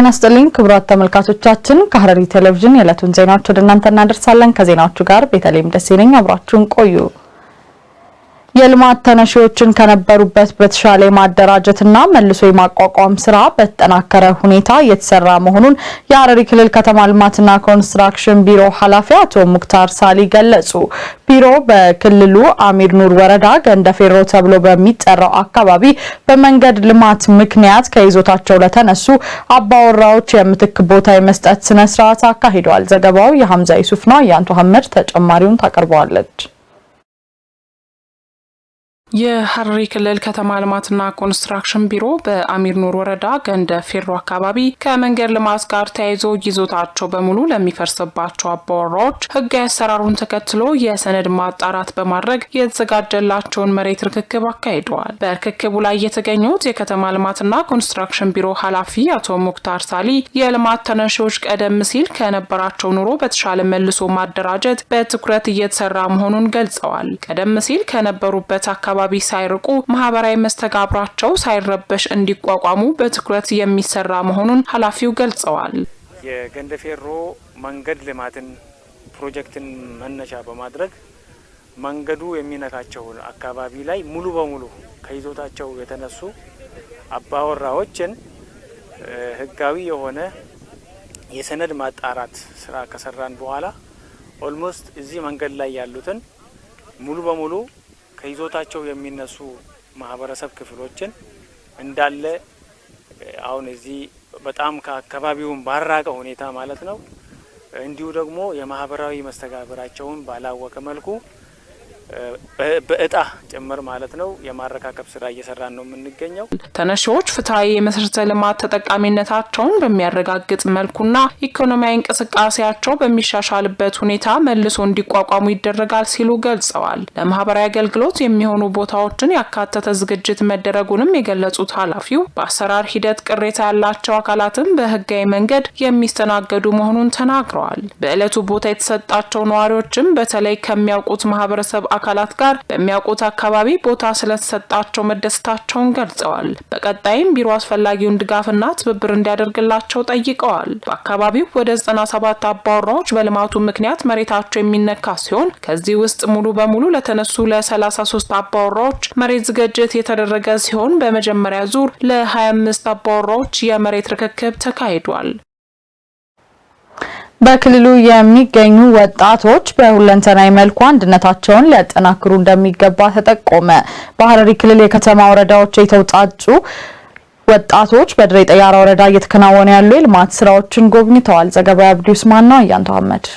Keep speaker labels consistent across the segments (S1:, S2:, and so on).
S1: ጤና ይስጥልኝ ክቡራት ተመልካቾቻችን፣ ከሐረሪ ቴሌቪዥን የዕለቱን ዜናዎች ወደ እናንተ እናደርሳለን። ከዜናዎቹ ጋር ቤተልሔም ደሴ ነኝ። አብራችሁን ቆዩ። የልማት ተነሺዎችን ከነበሩበት በተሻለ የማደራጀትና መልሶ የማቋቋም ስራ በተጠናከረ ሁኔታ እየተሰራ መሆኑን የአረሪ ክልል ከተማ ልማትና ኮንስትራክሽን ቢሮ ኃላፊ አቶ ሙክታር ሳሊ ገለጹ። ቢሮ በክልሉ አሚር ኑር ወረዳ ገንደ ፌሮ ተብሎ በሚጠራው አካባቢ በመንገድ ልማት ምክንያት ከይዞታቸው ለተነሱ አባወራዎች የምትክ ቦታ የመስጠት ስነስርዓት አካሂደዋል። ዘገባው የሀምዛ ይሱፍ ነው። ሀመድ ተጨማሪውን ታቀርበዋለች።
S2: የሐረሪ ክልል ከተማ ልማትና ኮንስትራክሽን ቢሮ በአሚር ኑር ወረዳ ገንደ ፌሮ አካባቢ ከመንገድ ልማት ጋር ተያይዞ ይዞታቸው በሙሉ ለሚፈርስባቸው አባወራዎች ሕጋዊ አሰራሩን ተከትሎ የሰነድ ማጣራት በማድረግ የተዘጋጀላቸውን መሬት ርክክብ አካሂደዋል። በርክክቡ ላይ የተገኙት የከተማ ልማትና ኮንስትራክሽን ቢሮ ኃላፊ አቶ ሙክታር ሳሊ የልማት ተነሺዎች ቀደም ሲል ከነበራቸው ኑሮ በተሻለ መልሶ ማደራጀት በትኩረት እየተሰራ መሆኑን ገልጸዋል። ቀደም ሲል ከነበሩበት አካባቢ አካባቢ ሳይርቁ ማህበራዊ መስተጋብራቸው ሳይረበሽ እንዲቋቋሙ በትኩረት የሚሰራ መሆኑን ኃላፊው ገልጸዋል።
S3: የገንደፌሮ መንገድ ልማትን ፕሮጀክትን መነሻ በማድረግ መንገዱ የሚነካቸውን አካባቢ ላይ ሙሉ በሙሉ ከይዞታቸው የተነሱ አባወራዎችን ህጋዊ የሆነ የሰነድ ማጣራት ስራ ከሰራን በኋላ ኦልሞስት እዚህ መንገድ ላይ ያሉትን ሙሉ በሙሉ ከይዞታቸው የሚነሱ ማህበረሰብ ክፍሎችን እንዳለ አሁን እዚህ በጣም ከአካባቢውን ባራቀ ሁኔታ ማለት ነው እንዲሁ ደግሞ የማህበራዊ መስተጋብራቸውን ባላወቀ መልኩ በእጣ ጭምር ማለት ነው የማረካከብ ስራ እየሰራን ነው የምንገኘው።
S1: ተነሺዎች ፍትሐዊ የመሰረተ ልማት ተጠቃሚነታቸውን በሚያረጋግጥ መልኩና ኢኮኖሚያዊ እንቅስቃሴያቸው በሚሻሻልበት ሁኔታ መልሶ እንዲቋቋሙ ይደረጋል ሲሉ ገልጸዋል። ለማህበራዊ አገልግሎት የሚሆኑ ቦታዎችን ያካተተ ዝግጅት መደረጉንም የገለጹት ኃላፊው በአሰራር ሂደት ቅሬታ ያላቸው አካላትም በህጋዊ መንገድ የሚስተናገዱ መሆኑን ተናግረዋል። በዕለቱ ቦታ የተሰጣቸው ነዋሪዎችም በተለይ ከሚያውቁት ማህበረሰብ አካላት ጋር በሚያውቁት አካባቢ ቦታ ስለተሰጣቸው መደሰታቸውን ገልጸዋል። በቀጣይም ቢሮ አስፈላጊውን ድጋፍና ትብብር እንዲያደርግላቸው ጠይቀዋል። በአካባቢው ወደ 97 አባወራዎች በልማቱ ምክንያት መሬታቸው የሚነካ ሲሆን ከዚህ ውስጥ ሙሉ በሙሉ ለተነሱ ለ33 አባወራዎች መሬት ዝግጅት የተደረገ ሲሆን በመጀመሪያ ዙር ለ25 አባወራዎች የመሬት ርክክብ ተካሂዷል። በክልሉ የሚገኙ ወጣቶች በሁለንተናዊ መልኩ አንድነታቸውን ሊያጠናክሩ እንደሚገባ ተጠቆመ። በሐረሪ ክልል የከተማ ወረዳዎች የተውጣጩ ወጣቶች በድሬ ጠያራ ወረዳ እየተከናወኑ ያሉ የልማት ስራዎችን ጎብኝተዋል። ዘገባው አብዲ ኡስማን ነው። አያንተ አህመድ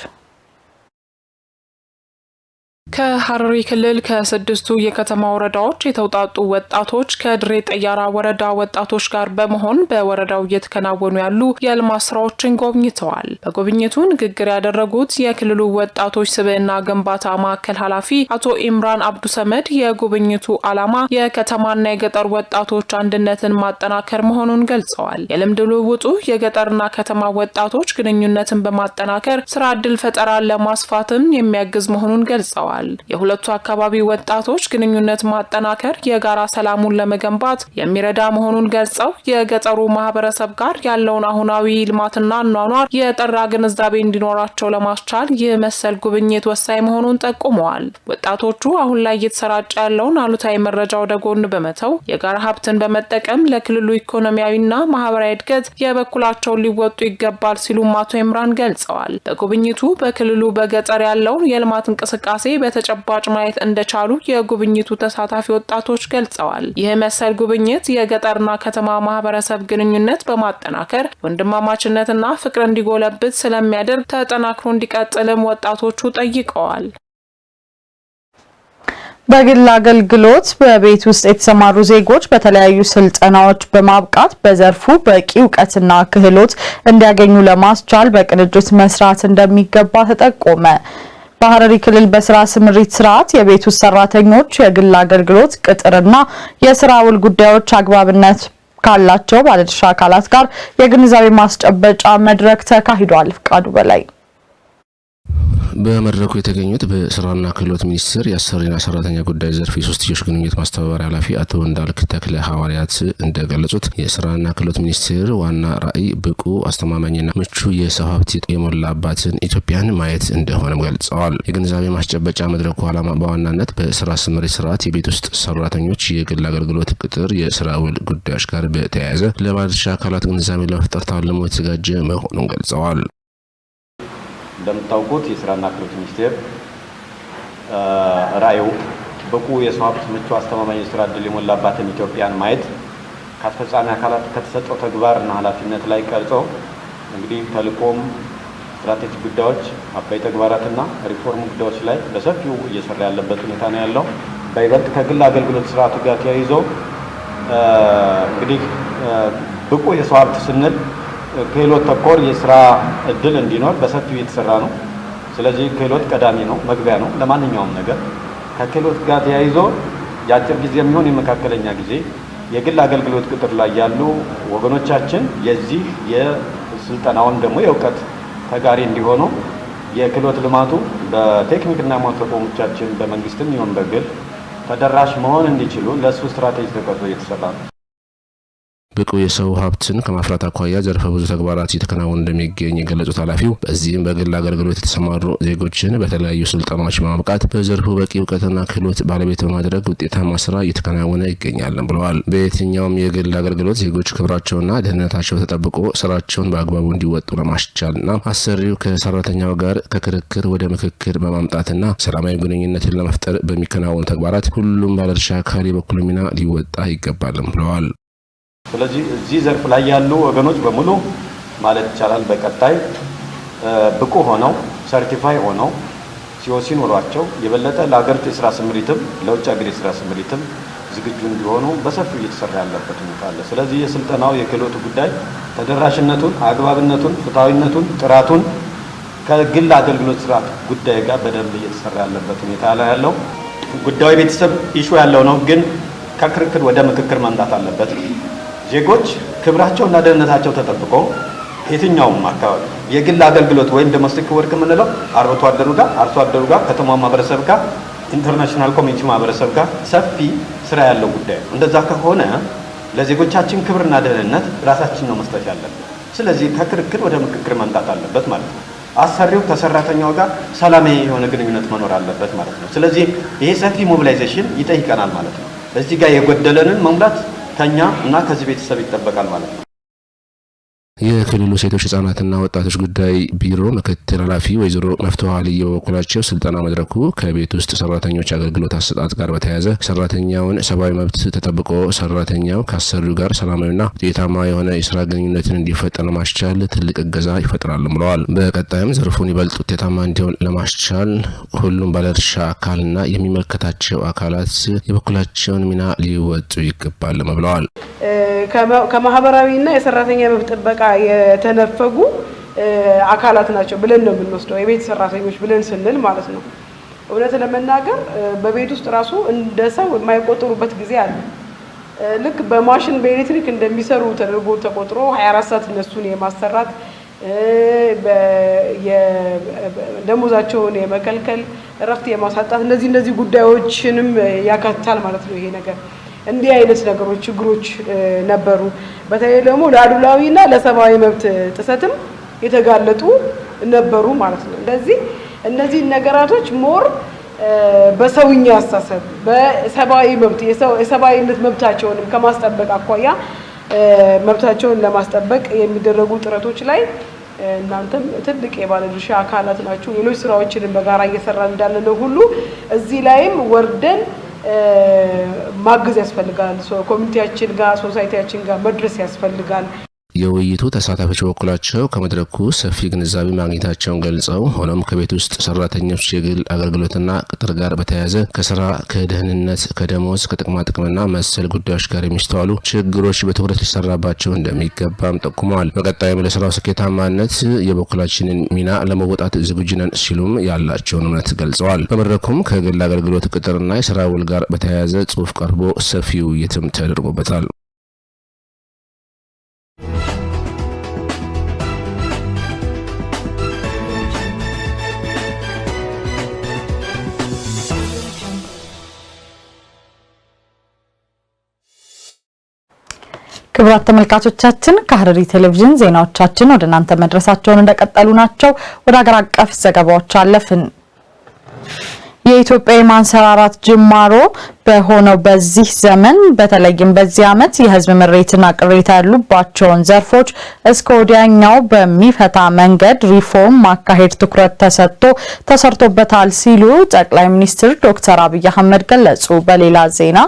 S1: ከሐረሪ ክልል ከስድስቱ የከተማ ወረዳዎች የተውጣጡ ወጣቶች ከድሬ ጠያራ ወረዳ ወጣቶች ጋር በመሆን በወረዳው እየተከናወኑ ያሉ የልማት ስራዎችን ጎብኝተዋል። በጉብኝቱ ንግግር ያደረጉት የክልሉ ወጣቶች ስብዕና ግንባታ ማዕከል ኃላፊ አቶ ኢምራን አብዱ ሰመድ የጉብኝቱ ዓላማ የከተማና የገጠር ወጣቶች አንድነትን ማጠናከር መሆኑን ገልጸዋል። የልምድ ልውውጡ የገጠርና ከተማ ወጣቶች ግንኙነትን በማጠናከር ስራ ዕድል ፈጠራን ለማስፋትም የሚያግዝ መሆኑን ገልጸዋል። ተናግረዋል። የሁለቱ አካባቢ ወጣቶች ግንኙነት ማጠናከር የጋራ ሰላሙን ለመገንባት የሚረዳ መሆኑን ገልጸው የገጠሩ ማህበረሰብ ጋር ያለውን አሁናዊ ልማትና አኗኗር የጠራ ግንዛቤ እንዲኖራቸው ለማስቻል ይህ መሰል ጉብኝት ወሳኝ መሆኑን ጠቁመዋል። ወጣቶቹ አሁን ላይ እየተሰራጨ ያለውን አሉታዊ መረጃ ወደ ጎን በመተው የጋራ ሀብትን በመጠቀም ለክልሉ ኢኮኖሚያዊና ማህበራዊ እድገት የበኩላቸውን ሊወጡ ይገባል ሲሉም አቶ ይምራን ገልጸዋል። በጉብኝቱ በክልሉ በገጠር ያለውን የልማት እንቅስቃሴ በተጨባጭ ማየት እንደቻሉ የጉብኝቱ ተሳታፊ ወጣቶች ገልጸዋል። ይህ መሰል ጉብኝት የገጠርና ከተማ ማህበረሰብ ግንኙነት በማጠናከር ወንድማማችነትና ፍቅር እንዲጎለብት ስለሚያደርግ ተጠናክሮ እንዲቀጥልም ወጣቶቹ ጠይቀዋል። በግል አገልግሎት በቤት ውስጥ የተሰማሩ ዜጎች በተለያዩ ስልጠናዎች በማብቃት በዘርፉ በቂ እውቀትና ክህሎት እንዲያገኙ ለማስቻል በቅንጅት መስራት እንደሚገባ ተጠቆመ። በሐረሪ ክልል በስራ ስምሪት ስርዓት የቤት ውስጥ ሰራተኞች የግል አገልግሎት ቅጥርና የስራ ውል ጉዳዮች አግባብነት ካላቸው ባለድርሻ አካላት ጋር የግንዛቤ ማስጨበጫ መድረክ ተካሂዷል። ፍቃዱ በላይ
S4: በመድረኩ የተገኙት በስራና ክህሎት ሚኒስቴር የአሰሪና ሰራተኛ ጉዳይ ዘርፍ የሶስትዮሽ ግንኙነት ማስተባበሪያ ኃላፊ አቶ እንዳልክ ተክለ ሐዋርያት እንደገለጹት የስራና ክህሎት ሚኒስቴር ዋና ራዕይ ብቁ አስተማማኝና ምቹ የሰው ሀብት የሞላባትን ኢትዮጵያን ማየት እንደሆነም ገልጸዋል። የግንዛቤ ማስጨበጫ መድረኩ ዓላማ በዋናነት በስራ ስምሪት ስርዓት የቤት ውስጥ ሰራተኞች የግል አገልግሎት ቅጥር፣ የስራ ውል ጉዳዮች ጋር በተያያዘ ለባለድርሻ አካላት ግንዛቤ ለመፍጠር ታልሞ የተዘጋጀ መሆኑን ገልጸዋል።
S5: እንደምታውቁት የስራና ክህሎት ሚኒስቴር ራዕዩ ብቁ የሰው ሀብት፣ ምቹ፣ አስተማማኝ የስራ እድል የሞላባትን ኢትዮጵያን ማየት ከአስፈጻሚ አካላት ከተሰጠው ተግባርና ኃላፊነት ላይ ቀርጾ እንግዲህ ተልእኮም ስትራቴጂ ጉዳዮች አባይ ተግባራትና ሪፎርም ጉዳዮች ላይ በሰፊው እየሰራ ያለበት ሁኔታ ነው ያለው። በይበልጥ ከግል አገልግሎት ስርዓቱ ጋር ተያይዞ እንግዲህ ብቁ የሰው ሀብት ስንል ክህሎት ተኮር የስራ እድል እንዲኖር በሰፊው የተሰራ ነው። ስለዚህ ክህሎት ቀዳሚ ነው፣ መግቢያ ነው ለማንኛውም ነገር። ከክህሎት ጋር ተያይዞ የአጭር ጊዜ የሚሆን የመካከለኛ ጊዜ የግል አገልግሎት ቅጥር ላይ ያሉ ወገኖቻችን የዚህ የስልጠናውን ደግሞ የእውቀት ተጋሪ እንዲሆኑ የክህሎት ልማቱ በቴክኒክና ሙያ ተቋሞቻችን በመንግስትም ይሁን በግል ተደራሽ መሆን እንዲችሉ ለእሱ ስትራቴጂ ተቀርጾ እየተሰራ ነው።
S4: ብቁ የሰው ሀብትን ከማፍራት አኳያ ዘርፈ ብዙ ተግባራት እየተከናወኑ እንደሚገኝ የገለጹት ኃላፊው በዚህም በግል አገልግሎት የተሰማሩ ዜጎችን በተለያዩ ስልጠናዎች በማብቃት በዘርፉ በቂ እውቀትና ክህሎት ባለቤት በማድረግ ውጤታማ ስራ እየተከናወነ ይገኛል ብለዋል። በየትኛውም የግል አገልግሎት ዜጎች ክብራቸውና ደህንነታቸው ተጠብቆ ስራቸውን በአግባቡ እንዲወጡ ለማስቻልና አሰሪው ከሰራተኛው ጋር ከክርክር ወደ ምክክር በማምጣትና ሰላማዊ ግንኙነትን ለመፍጠር በሚከናወኑ ተግባራት ሁሉም ባለድርሻ አካል የበኩሉ ሚና ሊወጣ ይገባልም ብለዋል።
S5: ስለዚህ እዚህ ዘርፍ ላይ ያሉ ወገኖች በሙሉ ማለት ይቻላል በቀጣይ ብቁ ሆነው ሰርቲፋይ ሆነው ሲኦሲ ኖሯቸው የበለጠ ለሀገር የስራ ስምሪትም ለውጭ ሀገር የስራ ስምሪትም ዝግጁ እንዲሆኑ በሰፊው እየተሰራ ያለበት ሁኔታ አለ። ስለዚህ የስልጠናው የክህሎቱ ጉዳይ ተደራሽነቱን፣ አግባብነቱን፣ ፍትሐዊነቱን፣ ጥራቱን ከግል አገልግሎት ስርዓት ጉዳይ ጋር በደንብ እየተሰራ ያለበት ሁኔታ ላይ ያለው ጉዳዩ ቤተሰብ ኢሹ ያለው ነው፣ ግን ከክርክር ወደ ምክክር መምጣት አለበት። ዜጎች ክብራቸውና ደህንነታቸው ተጠብቆ የትኛውም አካባቢ የግል አገልግሎት ወይም ዶሜስቲክ ወርክ የምንለው አርብቶ አደሩ ጋር አርሶ አደሩ ጋር ከተማ ማህበረሰብ ጋር ኢንተርናሽናል ኮሚኒቲ ማህበረሰብ ጋር ሰፊ ስራ ያለው ጉዳይ ነው። እንደዛ ከሆነ ለዜጎቻችን ክብርና ደህንነት ራሳችን ነው መስጠት ያለብን። ስለዚህ ከክርክር ወደ ምክክር መምጣት አለበት ማለት ነው። አሰሪው ከሰራተኛው ጋር ሰላማዊ የሆነ ግንኙነት መኖር አለበት ማለት ነው። ስለዚህ ይሄ ሰፊ ሞቢላይዜሽን ይጠይቀናል ማለት ነው። እዚህ ጋር የጎደለንን መሙላት ከኛ እና ከዚህ ቤተሰብ ይጠበቃል ማለት ነው።
S4: የክልሉ ሴቶች ህጻናትና ወጣቶች ጉዳይ ቢሮ ምክትል ኃላፊ ወይዘሮ መፍትሐ ልየ በበኩላቸው ስልጠና መድረኩ ከቤት ውስጥ ሰራተኞች አገልግሎት አሰጣጥ ጋር በተያያዘ ሰራተኛውን ሰብአዊ መብት ተጠብቆ ሰራተኛው ከአሰሪው ጋር ሰላማዊና ውጤታማ የሆነ የስራ ግንኙነትን እንዲፈጠር ለማስቻል ትልቅ እገዛ ይፈጥራል ብለዋል። በቀጣይም ዘርፉን ይበልጥ ውጤታማ እንዲሆን ለማስቻል ሁሉም ባለድርሻ አካልና የሚመለከታቸው አካላት የበኩላቸውን ሚና ሊወጡ ይገባል ብለዋል።
S6: ከማህበራዊና የሰራተኛ መብት ጥበቃ የተነፈጉ አካላት ናቸው ብለን ነው የምንወስደው፣ የቤት ሰራተኞች ብለን ስንል ማለት ነው። እውነት ለመናገር በቤት ውስጥ ራሱ እንደ ሰው የማይቆጠሩበት ጊዜ አለ። ልክ በማሽን በኤሌክትሪክ እንደሚሰሩ ተደርጎ ተቆጥሮ 24 ሰዓት እነሱን የማሰራት ደሞዛቸውን የመከልከል እረፍት የማሳጣት እነዚህ እነዚህ ጉዳዮችንም ያካትታል ማለት ነው ይሄ ነገር። እንዲህ አይነት ነገሮች ችግሮች ነበሩ። በተለይ ደግሞ ለአድሏዊና ለሰብአዊ መብት ጥሰትም የተጋለጡ ነበሩ ማለት ነው። ስለዚህ እነዚህ ነገራቶች ሞር በሰውኛ አስተሳሰብ በሰብአዊ መብት የሰብአዊነት መብታቸውንም ከማስጠበቅ አኳያ መብታቸውን ለማስጠበቅ የሚደረጉ ጥረቶች ላይ እናንተም ትልቅ የባለድርሻ አካላት ናችሁ። ሌሎች ስራዎችንም በጋራ እየሰራን እንዳለነው ሁሉ እዚህ ላይም ወርደን ማገዝ ያስፈልጋል። ኮሚኒቲያችን ጋር ሶሳይቲያችን ጋር መድረስ ያስፈልጋል።
S4: የውይይቱ ተሳታፊዎች በበኩላቸው ከመድረኩ ሰፊ ግንዛቤ ማግኘታቸውን ገልጸው ሆኖም ከቤት ውስጥ ሰራተኞች የግል አገልግሎትና ቅጥር ጋር በተያያዘ ከስራ፣ ከደህንነት፣ ከደሞዝ፣ ከጥቅማጥቅምና መሰል ጉዳዮች ጋር የሚስተዋሉ ችግሮች በትኩረት ሊሰራባቸው እንደሚገባም ጠቁመዋል። በቀጣይም ለስራው ስኬታማነት የበኩላችንን ሚና ለመወጣት ዝግጁ ነን ሲሉም ያላቸውን እምነት ገልጸዋል። በመድረኩም ከግል አገልግሎት ቅጥርና የስራ ውል ጋር በተያያዘ ጽሁፍ ቀርቦ ሰፊ ውይይትም ተደርጎበታል።
S1: ክቡራት ተመልካቾቻችን ከሐረሪ ቴሌቪዥን ዜናዎቻችን ወደ እናንተ መድረሳቸውን እንደቀጠሉ ናቸው። ወደ አገር አቀፍ ዘገባዎች አለፍን። የኢትዮጵያ የማንሰራራት ጅማሮ በሆነው በዚህ ዘመን በተለይም በዚህ ዓመት የሕዝብ ምሬትና ቅሬታ ያሉባቸውን ዘርፎች እስከ ወዲያኛው በሚፈታ መንገድ ሪፎርም ማካሄድ ትኩረት ተሰጥቶ ተሰርቶበታል ሲሉ ጠቅላይ ሚኒስትር ዶክተር አብይ አህመድ ገለጹ። በሌላ ዜና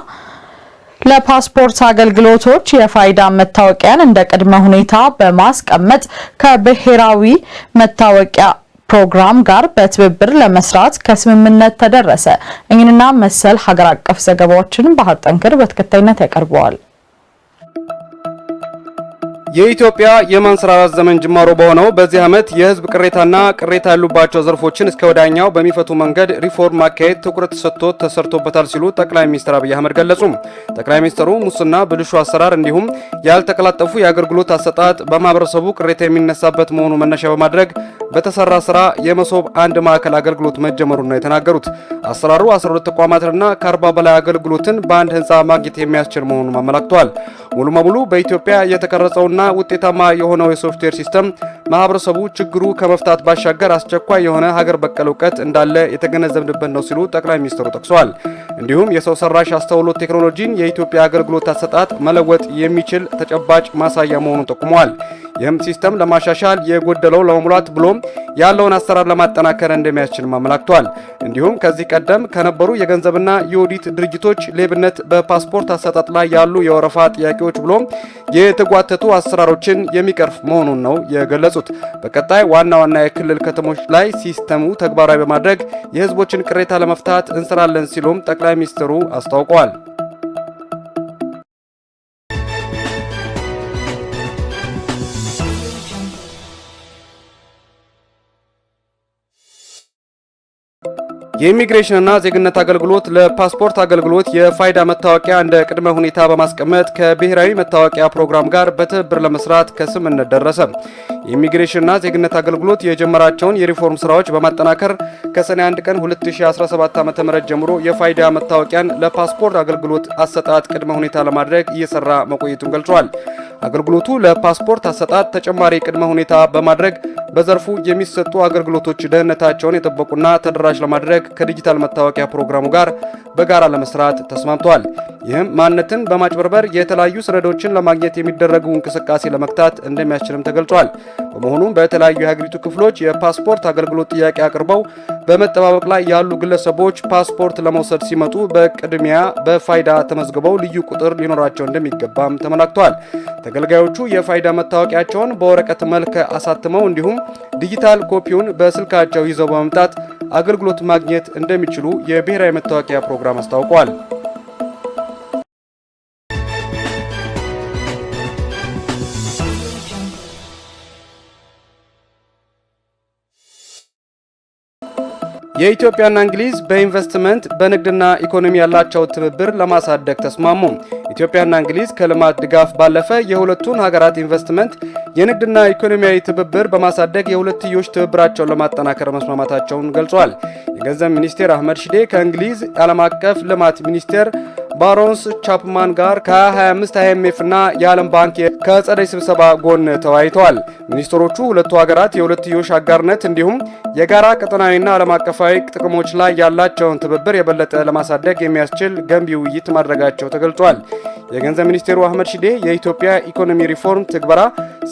S1: ለፓስፖርት አገልግሎቶች የፋይዳ መታወቂያን እንደ ቅድመ ሁኔታ በማስቀመጥ ከብሔራዊ መታወቂያ ፕሮግራም ጋር በትብብር ለመስራት ከስምምነት ተደረሰ። እኝንና መሰል ሀገር አቀፍ ዘገባዎችን ባህር ጠንክር በተከታይነት ያቀርበዋል።
S7: የኢትዮጵያ የማንሰራራት ዘመን ጅማሮ በሆነው በዚህ ዓመት የህዝብ ቅሬታና ቅሬታ ያሉባቸው ዘርፎችን እስከ ወዳኛው በሚፈቱ መንገድ ሪፎርም ማካሄድ ትኩረት ሰጥቶ ተሰርቶበታል ሲሉ ጠቅላይ ሚኒስትር አብይ አህመድ ገለጹ። ጠቅላይ ሚኒስትሩ ሙስና፣ ብልሹ አሰራር እንዲሁም ያልተቀላጠፉ የአገልግሎት አሰጣጥ በማህበረሰቡ ቅሬታ የሚነሳበት መሆኑ መነሻ በማድረግ በተሰራ ስራ የመሶብ አንድ ማዕከል አገልግሎት መጀመሩን ነው የተናገሩት። አሰራሩ 12 ተቋማትንና ከ40 በላይ አገልግሎትን በአንድ ህንፃ ማግኘት የሚያስችል መሆኑን አመላክተዋል። ሙሉ በሙሉ በኢትዮጵያ የተቀረጸውና ውጤታማ የሆነው የሶፍትዌር ሲስተም ማህበረሰቡ ችግሩ ከመፍታት ባሻገር አስቸኳይ የሆነ ሀገር በቀል እውቀት እንዳለ የተገነዘብንበት ነው ሲሉ ጠቅላይ ሚኒስትሩ ጠቅሰዋል። እንዲሁም የሰው ሰራሽ አስተውሎት ቴክኖሎጂን የኢትዮጵያ አገልግሎት አሰጣጥ መለወጥ የሚችል ተጨባጭ ማሳያ መሆኑን ጠቁመዋል። ይህም ሲስተም ለማሻሻል የጎደለው ለመሙላት ብሎም ያለውን አሰራር ለማጠናከር እንደሚያስችልም አመላክቷል። እንዲሁም ከዚህ ቀደም ከነበሩ የገንዘብና የኦዲት ድርጅቶች ሌብነት በፓስፖርት አሰጣጥ ላይ ያሉ የወረፋ ጥያቄዎች ብሎም የተጓተቱ አሰራሮችን የሚቀርፍ መሆኑን ነው የገለጹት። በቀጣይ ዋና ዋና የክልል ከተሞች ላይ ሲስተሙ ተግባራዊ በማድረግ የህዝቦችን ቅሬታ ለመፍታት እንሰራለን ሲሉም ጠቅላይ ሚኒስትሩ አስታውቀዋል። የኢሚግሬሽንና ዜግነት አገልግሎት ለፓስፖርት አገልግሎት የፋይዳ መታወቂያ እንደ ቅድመ ሁኔታ በማስቀመጥ ከብሔራዊ መታወቂያ ፕሮግራም ጋር በትብብር ለመስራት ከስምምነት ደረሰ። የኢሚግሬሽንና ዜግነት አገልግሎት የጀመራቸውን የሪፎርም ስራዎች በማጠናከር ከሰኔ 1 ቀን 2017 ዓ.ም ጀምሮ የፋይዳ መታወቂያን ለፓስፖርት አገልግሎት አሰጣጥ ቅድመ ሁኔታ ለማድረግ እየሰራ መቆየቱን ገልጿል። አገልግሎቱ ለፓስፖርት አሰጣጥ ተጨማሪ ቅድመ ሁኔታ በማድረግ በዘርፉ የሚሰጡ አገልግሎቶች ደህንነታቸውን የጠበቁና ተደራሽ ለማድረግ ከዲጂታል መታወቂያ ፕሮግራሙ ጋር በጋራ ለመስራት ተስማምተዋል። ይህም ማንነትን በማጭበርበር የተለያዩ ሰነዶችን ለማግኘት የሚደረጉ እንቅስቃሴ ለመግታት እንደሚያስችልም ተገልጿል። በመሆኑም በተለያዩ የሀገሪቱ ክፍሎች የፓስፖርት አገልግሎት ጥያቄ አቅርበው በመጠባበቅ ላይ ያሉ ግለሰቦች ፓስፖርት ለመውሰድ ሲመጡ በቅድሚያ በፋይዳ ተመዝግበው ልዩ ቁጥር ሊኖራቸው እንደሚገባም ተመላክቷል። ተገልጋዮቹ የፋይዳ መታወቂያቸውን በወረቀት መልክ አሳትመው እንዲሁም ዲጂታል ኮፒውን በስልካቸው ይዘው በመምጣት አገልግሎት ማግኘት እንደሚችሉ የብሔራዊ መታወቂያ ፕሮግራም አስታውቋል።
S8: የኢትዮጵያና እንግሊዝ በኢንቨስትመንት በንግድና ኢኮኖሚ ያላቸው ትብብር ለማሳደግ ተስማሙ። ኢትዮጵያና እንግሊዝ ከልማት ድጋፍ ባለፈ የሁለቱን ሀገራት ኢንቨስትመንት፣ የንግድና ኢኮኖሚያዊ ትብብር በማሳደግ የሁለትዮሽ ትብብራቸውን ለማጠናከር መስማማታቸውን ገልጿል። የገንዘብ ሚኒስቴር አህመድ ሽዴ ከእንግሊዝ ዓለም አቀፍ ልማት ሚኒስቴር ባሮንስ ቻፕማን ጋር ከ25 አይኤምኤፍ እና የዓለም ባንክ ከጸደይ ስብሰባ ጎን ተወያይተዋል። ሚኒስትሮቹ ሁለቱ ሀገራት የሁለትዮሽ አጋርነት እንዲሁም የጋራ ቀጠናዊና ዓለም አቀፋዊ ጥቅሞች ላይ ያላቸውን ትብብር የበለጠ ለማሳደግ የሚያስችል ገንቢ ውይይት ማድረጋቸው ተገልጿል። የገንዘብ ሚኒስቴሩ አህመድ ሺዴ የኢትዮጵያ ኢኮኖሚ ሪፎርም ትግበራ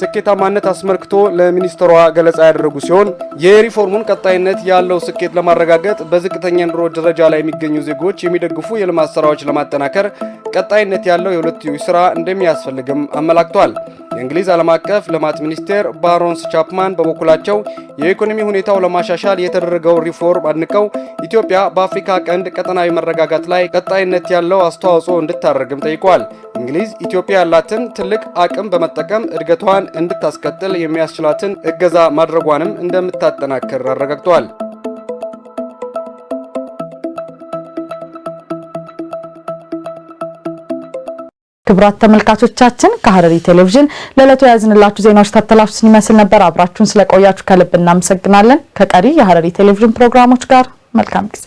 S8: ስኬታማነት አስመልክቶ ለሚኒስትሯ ገለጻ ያደረጉ ሲሆን የሪፎርሙን ቀጣይነት ያለው ስኬት ለማረጋገጥ በዝቅተኛ ኑሮ ደረጃ ላይ የሚገኙ ዜጎች የሚደግፉ የልማት ስራዎች ለማጠናከር ቀጣይነት ያለው የሁለትዮሽ ስራ እንደሚያስፈልግም አመላክቷል። የእንግሊዝ ዓለም አቀፍ ልማት ሚኒስቴር ባሮንስ ቻፕማን በበኩላቸው የኢኮኖሚ ሁኔታው ለማሻሻል የተደረገው ሪፎርም አድንቀው ኢትዮጵያ በአፍሪካ ቀንድ ቀጠናዊ መረጋጋት ላይ ቀጣይነት ያለው አስተዋጽኦ እንድታደርግም ጠይቋል። እንግሊዝ ኢትዮጵያ ያላትን ትልቅ አቅም በመጠቀም እድገቷን ስራዋን እንድታስቀጥል የሚያስችላትን እገዛ ማድረጓንም እንደምታጠናክር አረጋግጧል።
S1: ክብራት ተመልካቾቻችን ከሐረሪ ቴሌቪዥን ለዕለቱ የያዝንላችሁ ዜናዎች ታተላችሁ ይመስል ነበር። አብራችሁን ስለቆያችሁ ከልብ እናመሰግናለን። ከቀሪ የሐረሪ ቴሌቪዥን ፕሮግራሞች ጋር መልካም ጊዜ